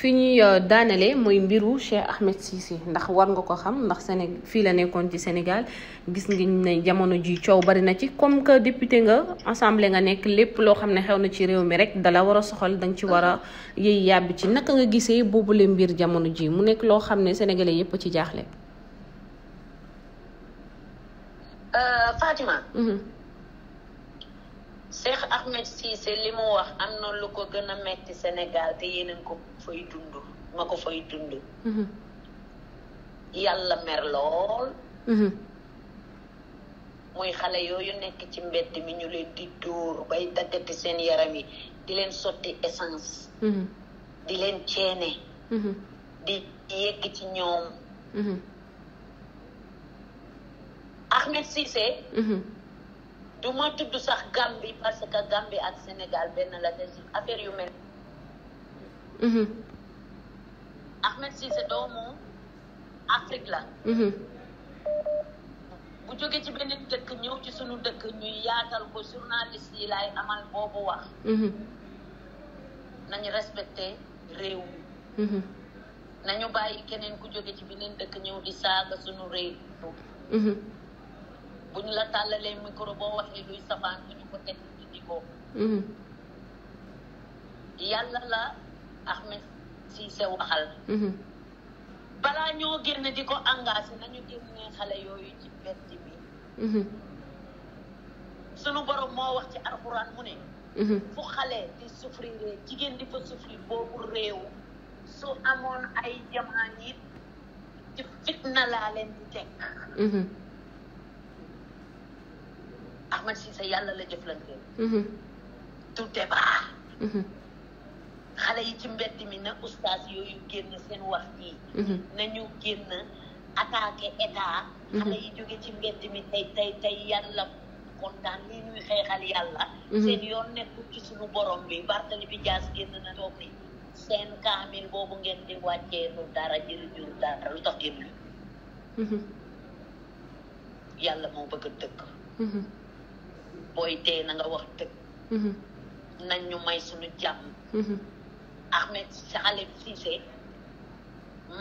fi ñuy euh, daanale mooy mbiru Cheikh Ahmed Cissé ndax war nga ko xam ndax Séné fii la nekkoon ci senegal gis ngi ne jamono ji coow bari na ci comme que député nga assemblée nga nekk lépp loo xam ne xew na ci réew mi rek dala war a soxal danga ci war a yëy yàbbi ci naka nga gisee boobule mbir jamono ji mu nekk loo xam ne sénégalais yépp ci jaaxle. Euh, Cheikh Ahmed Cissé li mu wax am na lu ko gën a metti Sénégal te yéen ko fay dund ma ko fay dund mhm. yàlla mer lool mhm. muy xale yooyu nekk ci mbett mi ñu leen di dóor bay daggati seen yaram yi di leen sotti essence mhm. di leen ceene di yegg ci ñoom Ahmed Cissé du ma tudd sax Gambie parce que Gambie ak Sénégal benn la des affaire yu mel. Mhm. Ahmed Cissé doomu Afrique la. Mhm. bu jógee ci beneen dëkk ñëw ci suñu dëkk ñuy yaatal ko journaliste yi laay amal boobu wax. Mhm. nañu respecté réew nañu bàyyi keneen ku jóge ci beneen dëkk ñëw di saaga sunu réew. bu ñu la tàllalee micro boo waxee luy safaan bu ñu ko teg di ko. Mm-hmm. yàlla la Ahmed Cissé waxal. Mm-hmm. balaa ñoo génn di ko engagé nañu génnee xale yooyu ci mbedd bi. Mm-hmm. sunu borom moo wax ci alxuraan mu ne. fu xale di souffrir jigéen di fa souffrir boobu réew su amoon ay jamaan yi fitna laa leen teg. Ahmed Cissé yàlla la jëflanteel. Mhm. tout est baax. Mhm. xale yi ci mbedd mi na ustaas yooyu génn seen wax yi. Mhm. nañu génn attaqué état. xale yi jóge ci mbedd mi tey tey tey yàlla kontaan lii ñuy xeexal yàlla. seen yoon nekkul ci suñu borom bi Barthélémy Dias génn na toog ni seen kaamil boobu ngeen di wàccee lu dara jëriñu dara lu tax génn. yàlla moo bëgg a dëkk. booy dee na nga wax dëgg mm-hmm. nañ ñu may suñu jàmm mm-hmm. Ahmed Salif Cissé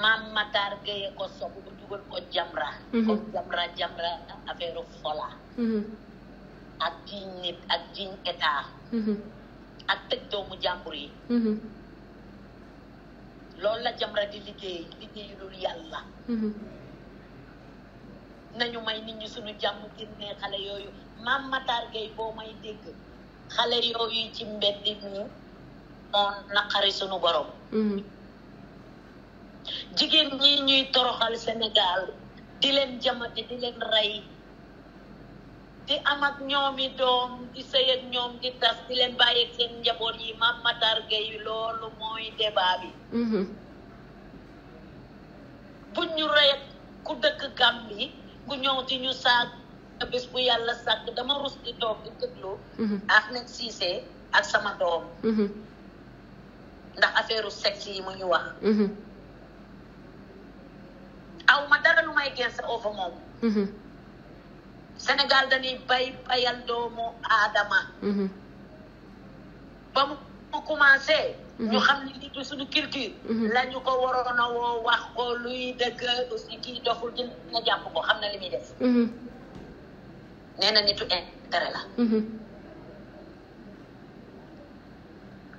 maam Matar Gueye ko sob bu dugal ko Jamra mm-hmm. comme Jamra Jamra affaire fola ak jiñ nit ak jiñ état ak tëj doomu jàmbur yi loolu la Jamra di liggéey liggéeyulul yàlla nañu may nit ñi suñu jàmm génnee xale yooyu maam Matar Gueye boo may dégg xale yooyu ci mbedd ñu moo naqari suñu borom mm-hmm. jigéen ñi ñuy toroxal Sénégal di leen jamati di leen rey di am ak ñoomi doom di sëy ñoom di tas di leen bàyyi seen njaboot yi maam Matar Gueye loolu mooy débat bi mm-hmm. buñ ñu rey ku dëkk yi ku ñëw di ñu saag bis bu yàlla sàkk dama rus di toog di déglu mhm. Ahmed Cissé ak sama doom mhm. ndax affaire sexe yi mu ñu wax mhm. aw ma dara lu may genn sa over moom Sénégal dañuy bay bayal doomu aadama ba mu commencé ñu xam ni lii du suñu culture. Mhm. la ko waroon a wax ko luy dëgg aussi kii doxul jël na jàpp ko xam na li muy def. Mhm. nee na nitu intérêt mhm.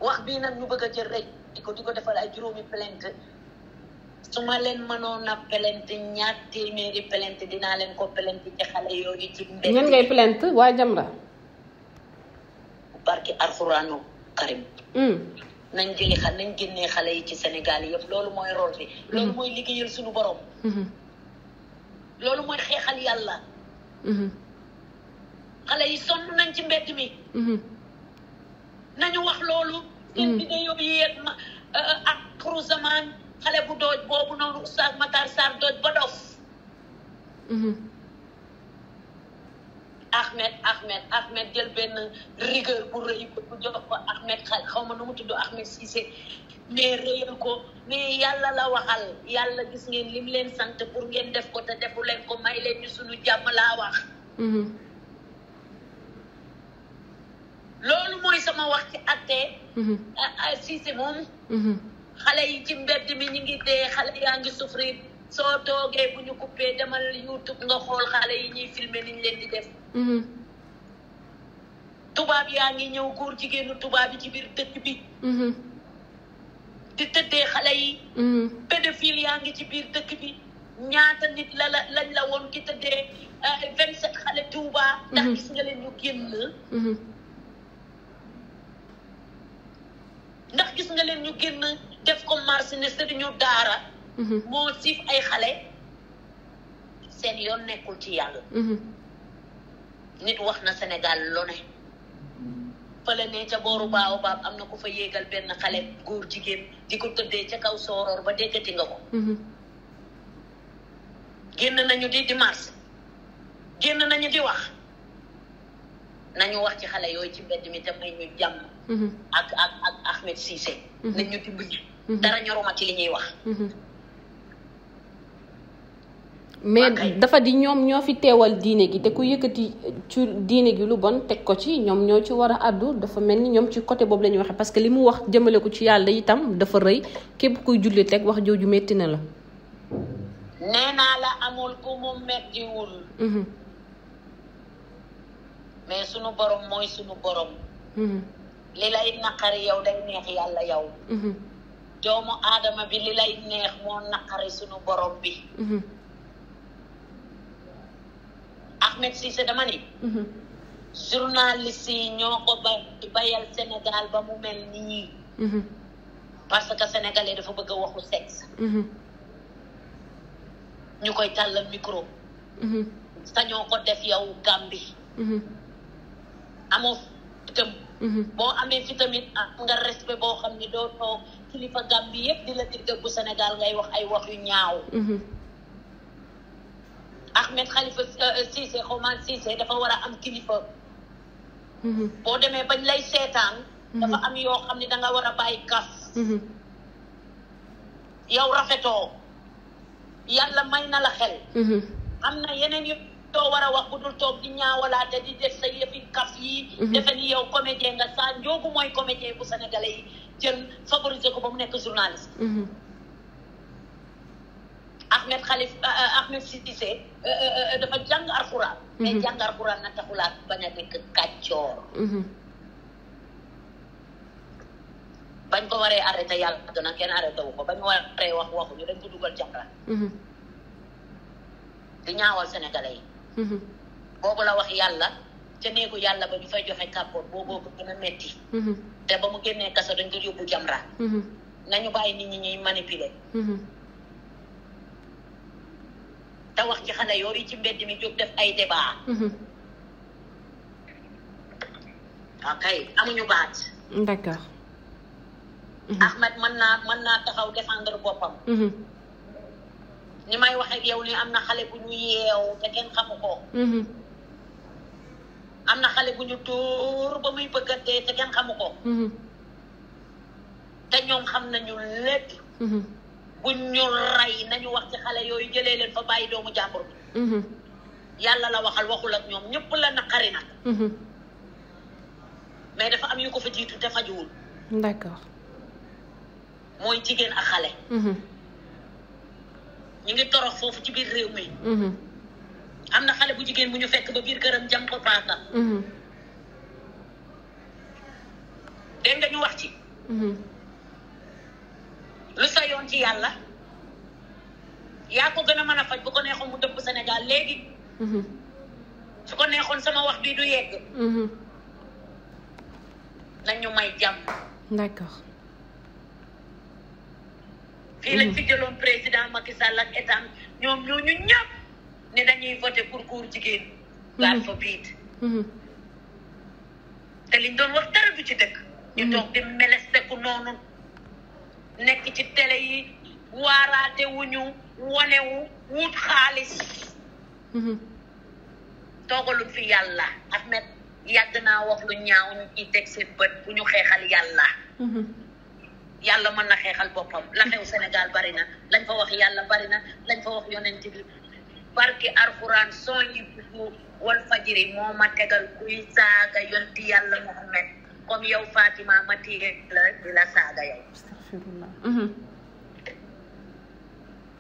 wax bii nag ñu bëgg a jël rek di ko di ko defal ay juróomi plainte suma leen mënoon a plainte ñaar téeméeri plainte dinaa leen ko plainte ci xale yooyu ci mbedd. ñan ngay plainte waa Jamra. barki Alxuraanu Karim. Mm. nañ jëli xale nañ xale yi ci Sénégal yëpp loolu mooy rôle bi. Mm-hmm. loolu mooy liggéeyal suñu borom. Mm-hmm. loolu mooy xeexal yàlla. Mm-hmm. xale yi sonn nañ ci mbedd mi. nañu wax loolu. seen vidéo yi yéen ak xuru euh, xale bu dooj boobu noonu Oustaz Matar Sarr ba dof. Ahmed Ahmed Ahmed jël benn rigueur bu rëy bu jox ko Ahmed xal xaw ma mu tudd Ahmed Cissé mais réyal ko mais yàlla la waxal yàlla gis ngeen lim leen sant pour ngeen def ko te defu leen ko may leen ñu suñu jàmm laa wax mm-hmm. loolu mooy sama wax ci attee mm-hmm. ah, ah, Cissé moom mm-hmm. xale yi ci mbedd mi ñu ngi dee xale yaa ngi souffrir soo toogee bu ñu coupé demal YouTube nga xool xale yi ñuy filmé niñ leen di def mm-hmm. tubaab yaa ngi ñëw góor jigéenu tubaab yi ci biir dëkk bi mm-hmm. di tëddee xale yi mm-hmm. pédophile yaa ngi ci biir dëkk bi ñaata nit la lañ la woon ki tëddee euh, vingt xale Touba ndax gis nga leen ñu génn ndax gis nga leen ñu génn def ko marché ne sëriñu daara moo siif ay xale seen yoon nekkul ci yàlla mhm. nit wax na Sénégal lone fële ne ca booru baaw baab am na ku fa yéegal benn xale góor jigéen di ko tëddee ca kaw sooroor ba déggati nga ko mhm. génn nañu di di mars génn nañu di wax nañu wax ci xale yooyu ci mbedd mi te may jàmm mhm. ak ak ak Ahmed Cissé nañ ñu dimbali dara ñoruma ci li ñuy wax mais dafa di ñoom ñoo fi teewal diine gi te ku yëkkati cu diine gi lu bon teg ko ci ñoom ñoo ci war a àddu dafa mel ni ñoom ci côté boobu la ñuy waxee parce que li mu wax jëmale ko ci yàlla itam dafa rëy képp kuy julli teg wax jooju metti na la. nee naa la amul ku mu méttiwul. Mhm. mais sunu borom mooy sunu borom. Mhm. yow day mhm. bi li lay neex moo naqari sunu borom bi. Ahmed Cissé dama ne. Mhm. journaliste yi ñoo ko bay bayal Sénégal ba mu mel nii. Mhm. parce que sénégalais dafa bëgg a waxu sexe. Mhm. ñu koy tàllal micro. sañoo ko def yow Gambie. amoo fitam. boo amee fi tamit nga respect boo xam ni doo toog kilifa Gambie yëpp di la bu Sénégal ngay wax ay wax yu ñaaw. Ahmed Khalifa Cissé euh, euh, Oumar Cissé dafa war a am kilifa. Mhm. boo demee bañ lay seetaan. Mhm. dafa am yoo xam ne da war a bàyyi kas. Mhm. yow rafetoo yàlla may na la xel. am na yeneen yu doo war a wax bu dul toog di ñaawalaate di def sa yëfi kaf yi. defe ni yow comédien nga saa njoogu mooy comédien bu sénégalais yi jël favoriser ko ba mu nekk journaliste. Ahmed Khalif euh, euh, Ahmed Cissé euh, dafa jàng alxuraan. Mhm. mais jàng alxuraan na taxul ak bañ a nekk kàccoor. Mhm. bañ ko waree arrêté yàlla dana kenn arrêté wu ko bañ waree wax waxu ñu dañ ko dugal jamra mhm. di ñaawal sénégalais yi. boobu la wax yàlla ca néegu yàlla ba ñu fay joxe kàppoor booboo ko gën a metti. te ba mu génnee kaso dañ ko yóbbu jamra nañu bàyyi nit ñi ñuy manipuler. te wax ci xale yooyu ci mbedd mi jóg def ay débat. Mhm. ok amuñu baat. d'accord. Mhm. Ahmed mën naa mën naa taxaw défendre boppam. Mhm. ni may wax ak yow ni am na xale bu ñu yeew te kenn xamu ko. am na xale bu ñu tóor ba muy bëgg dee te kenn xamu ko. te ñoom xam nañu lépp. buñ ñu rey nañu wax ci xale yooyu jëlee leen fa bàyyi doomu jàmbur mm-hmm. yàlla la waxal waxul ak ñoom ñëpp la naqari nag mm-hmm. mais dafa am yu ko fa jiitu te fajuwul d'accord mooy jigéen ak xale mm-hmm. ñu ngi torox foofu ci biir réew mi am na xale bu jigéen bu ñu fekk ba biir këram jam ko paaka dégg nga wax ci lu sa yoon ci yàlla yaa ko gën a mën a faj bu ko neexoon mu dëpp Sénégal léegi. Mhm. su ko neexoon sama wax bii du yegg. Mhm. nañu may jàmm. d'accord. fii lañ mhm. fi jëloon président Macky Sall ak état ñoom ñooñu ñëpp ne dañuy voté pour góor jigéen. gaal fa biit. te li doon wax dara du ci dëkk. ñu toog di meleste ku noonu. nekk ci télé yi waaraate wuñu wonewu wut xaalis mm-hmm. toogalu fi yàlla Ahmed yàgg naa wax lu ñaaw ñu ciy teg seen bët bu ñu xeexal yàlla mm-hmm. yàlla mën na xeexal boppam la xew Sénégal bari na lañ fa wax yàlla bari na lañ fa wax yonent bi barki arxuraan son yi bu wal fajiri moo ma tegal kuy saaga yonti yàlla Muhammad comme yow Fatima ma tiige la di saaga yow astaghfirullah mm-hmm.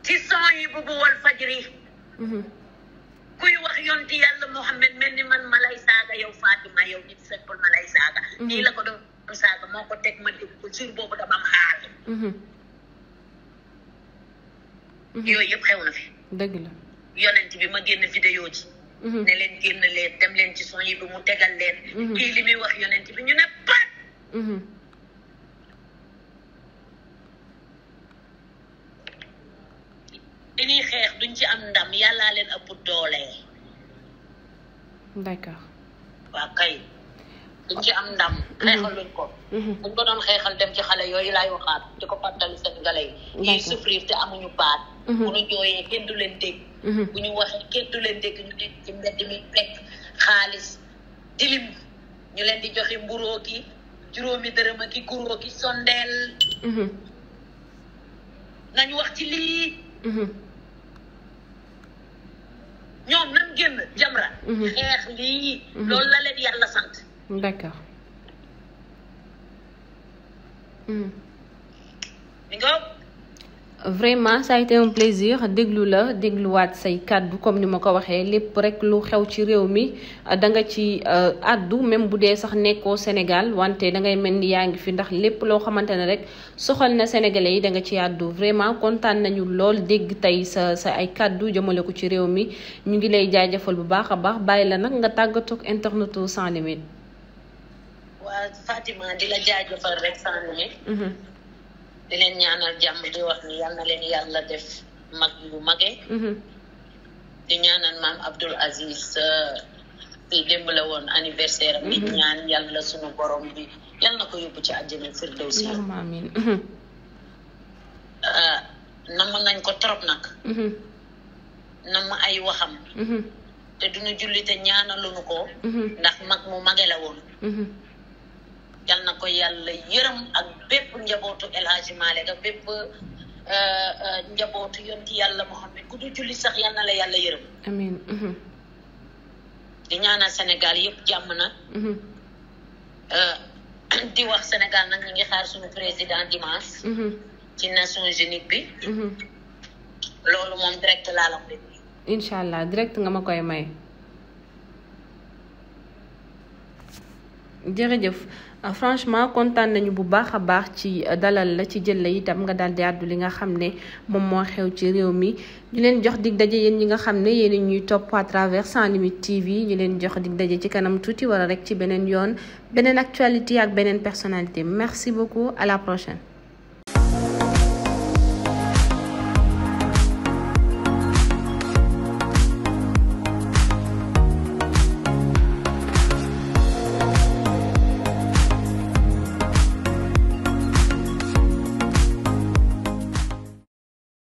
ci son yi bu bu wal fajri mm-hmm. kuy wax yonti yàlla Muhammad mel ni man malay saaga yow Fatima yow nit seppal malay saaga mm-hmm. nii la ko doon saaga moo ko teg ma dégg ko jour boobu dama am xaal yooyu yëpp xew na fi dëgg la yonent bi ma génn vidéo ji ne leen génn leen dem leen ci son yi bi mu tegal leen kii li muy wax yonent bi ñu ne pat li ñuy xeex duñ ci am ndam yàllaa leen ëpp doole. d'accord. waaw kay. duñ ci am ndam. xeexal luñ ko. Mhm. buñ ko doon xeexal dem ci xale yooyu lay waxaat di ko fàttali Sénégalais yi. ñuy souffrir te amuñu baat. Mhm. bu ñu jooyee kenn du leen dégg. Mhm. bu ñu waxee kenn du leen dégg ñu leen di joxe mburoo ki juróomi dërëm ki guroo ki sondeel. nañ wax ci lii. ñoom nan génn jamra mhm. xeex lii mhm. loolu la leen yàlla sant d'accord nga vraiment ça a plaisir déglu la dégluwaat say kàddu comme ni ma ko waxee lépp rek lu xew ci réew mi euh, da nga ci euh, àddu même bu dee sax nekkoo Sénégal wante da ngay mel ni yaa ngi fi ndax lépp loo xamante ne rek soxal na sénégale yi da nga ci àddu vraiment kontaan nañu lool dégg tey sa sa ay kàddu jëmale ko ci réew mi ñu ngi lay jaajëfal bu baax a baax bàyyi la nag nga tàggatoog internetu sans limite. waaw Fatima di la jaajëfal rek sans limite. Mm-hmm. di leen ñaanal jàmm di wax ni leen yàlla def mag yu mage mhm. di ñaanal maam Abdul Aziz di uh, démb la woon anniversaire am mhm. di ñaan yàlla sunu borom bi yal na ko yóbbu ci àjjana firdawsi amiin mhm. uh, namm nañ ko trop nag namm ay waxam te duñu julli te ñaanaluñu ko ndax mag mu mage la woon yal na ko yàlla yërëm ak bépp njabootu El Hadji Malick ak bépp euh, euh, njabootu yonti yàlla Muhammad ku du julli sax yal na la yàlla yërëm amiin mhm. di ñaanal Sénégal yëpp jàmm na mhm. euh, di wax Sénégal nag ñu ngi xaar suñu président dimanche mhm. ci Nations Unies bi loolu moom direct laa la koy incha allah direct nga ma koy may jërëjëf Euh, franchement kontaan nañu bu baax a baax ci euh, dalal la ci jël la itam nga daal di àddu li nga xam ne moom moo xew ci réew mi ñu leen jox dig daje yéen ñi nga xam ne yéen ñuy topp à travers Sans Limites TV ñu leen jox dig daje ci kanam tuuti wala rek ci beneen yoon beneen actualité ak beneen personnalité merci beaucoup à la prochaine.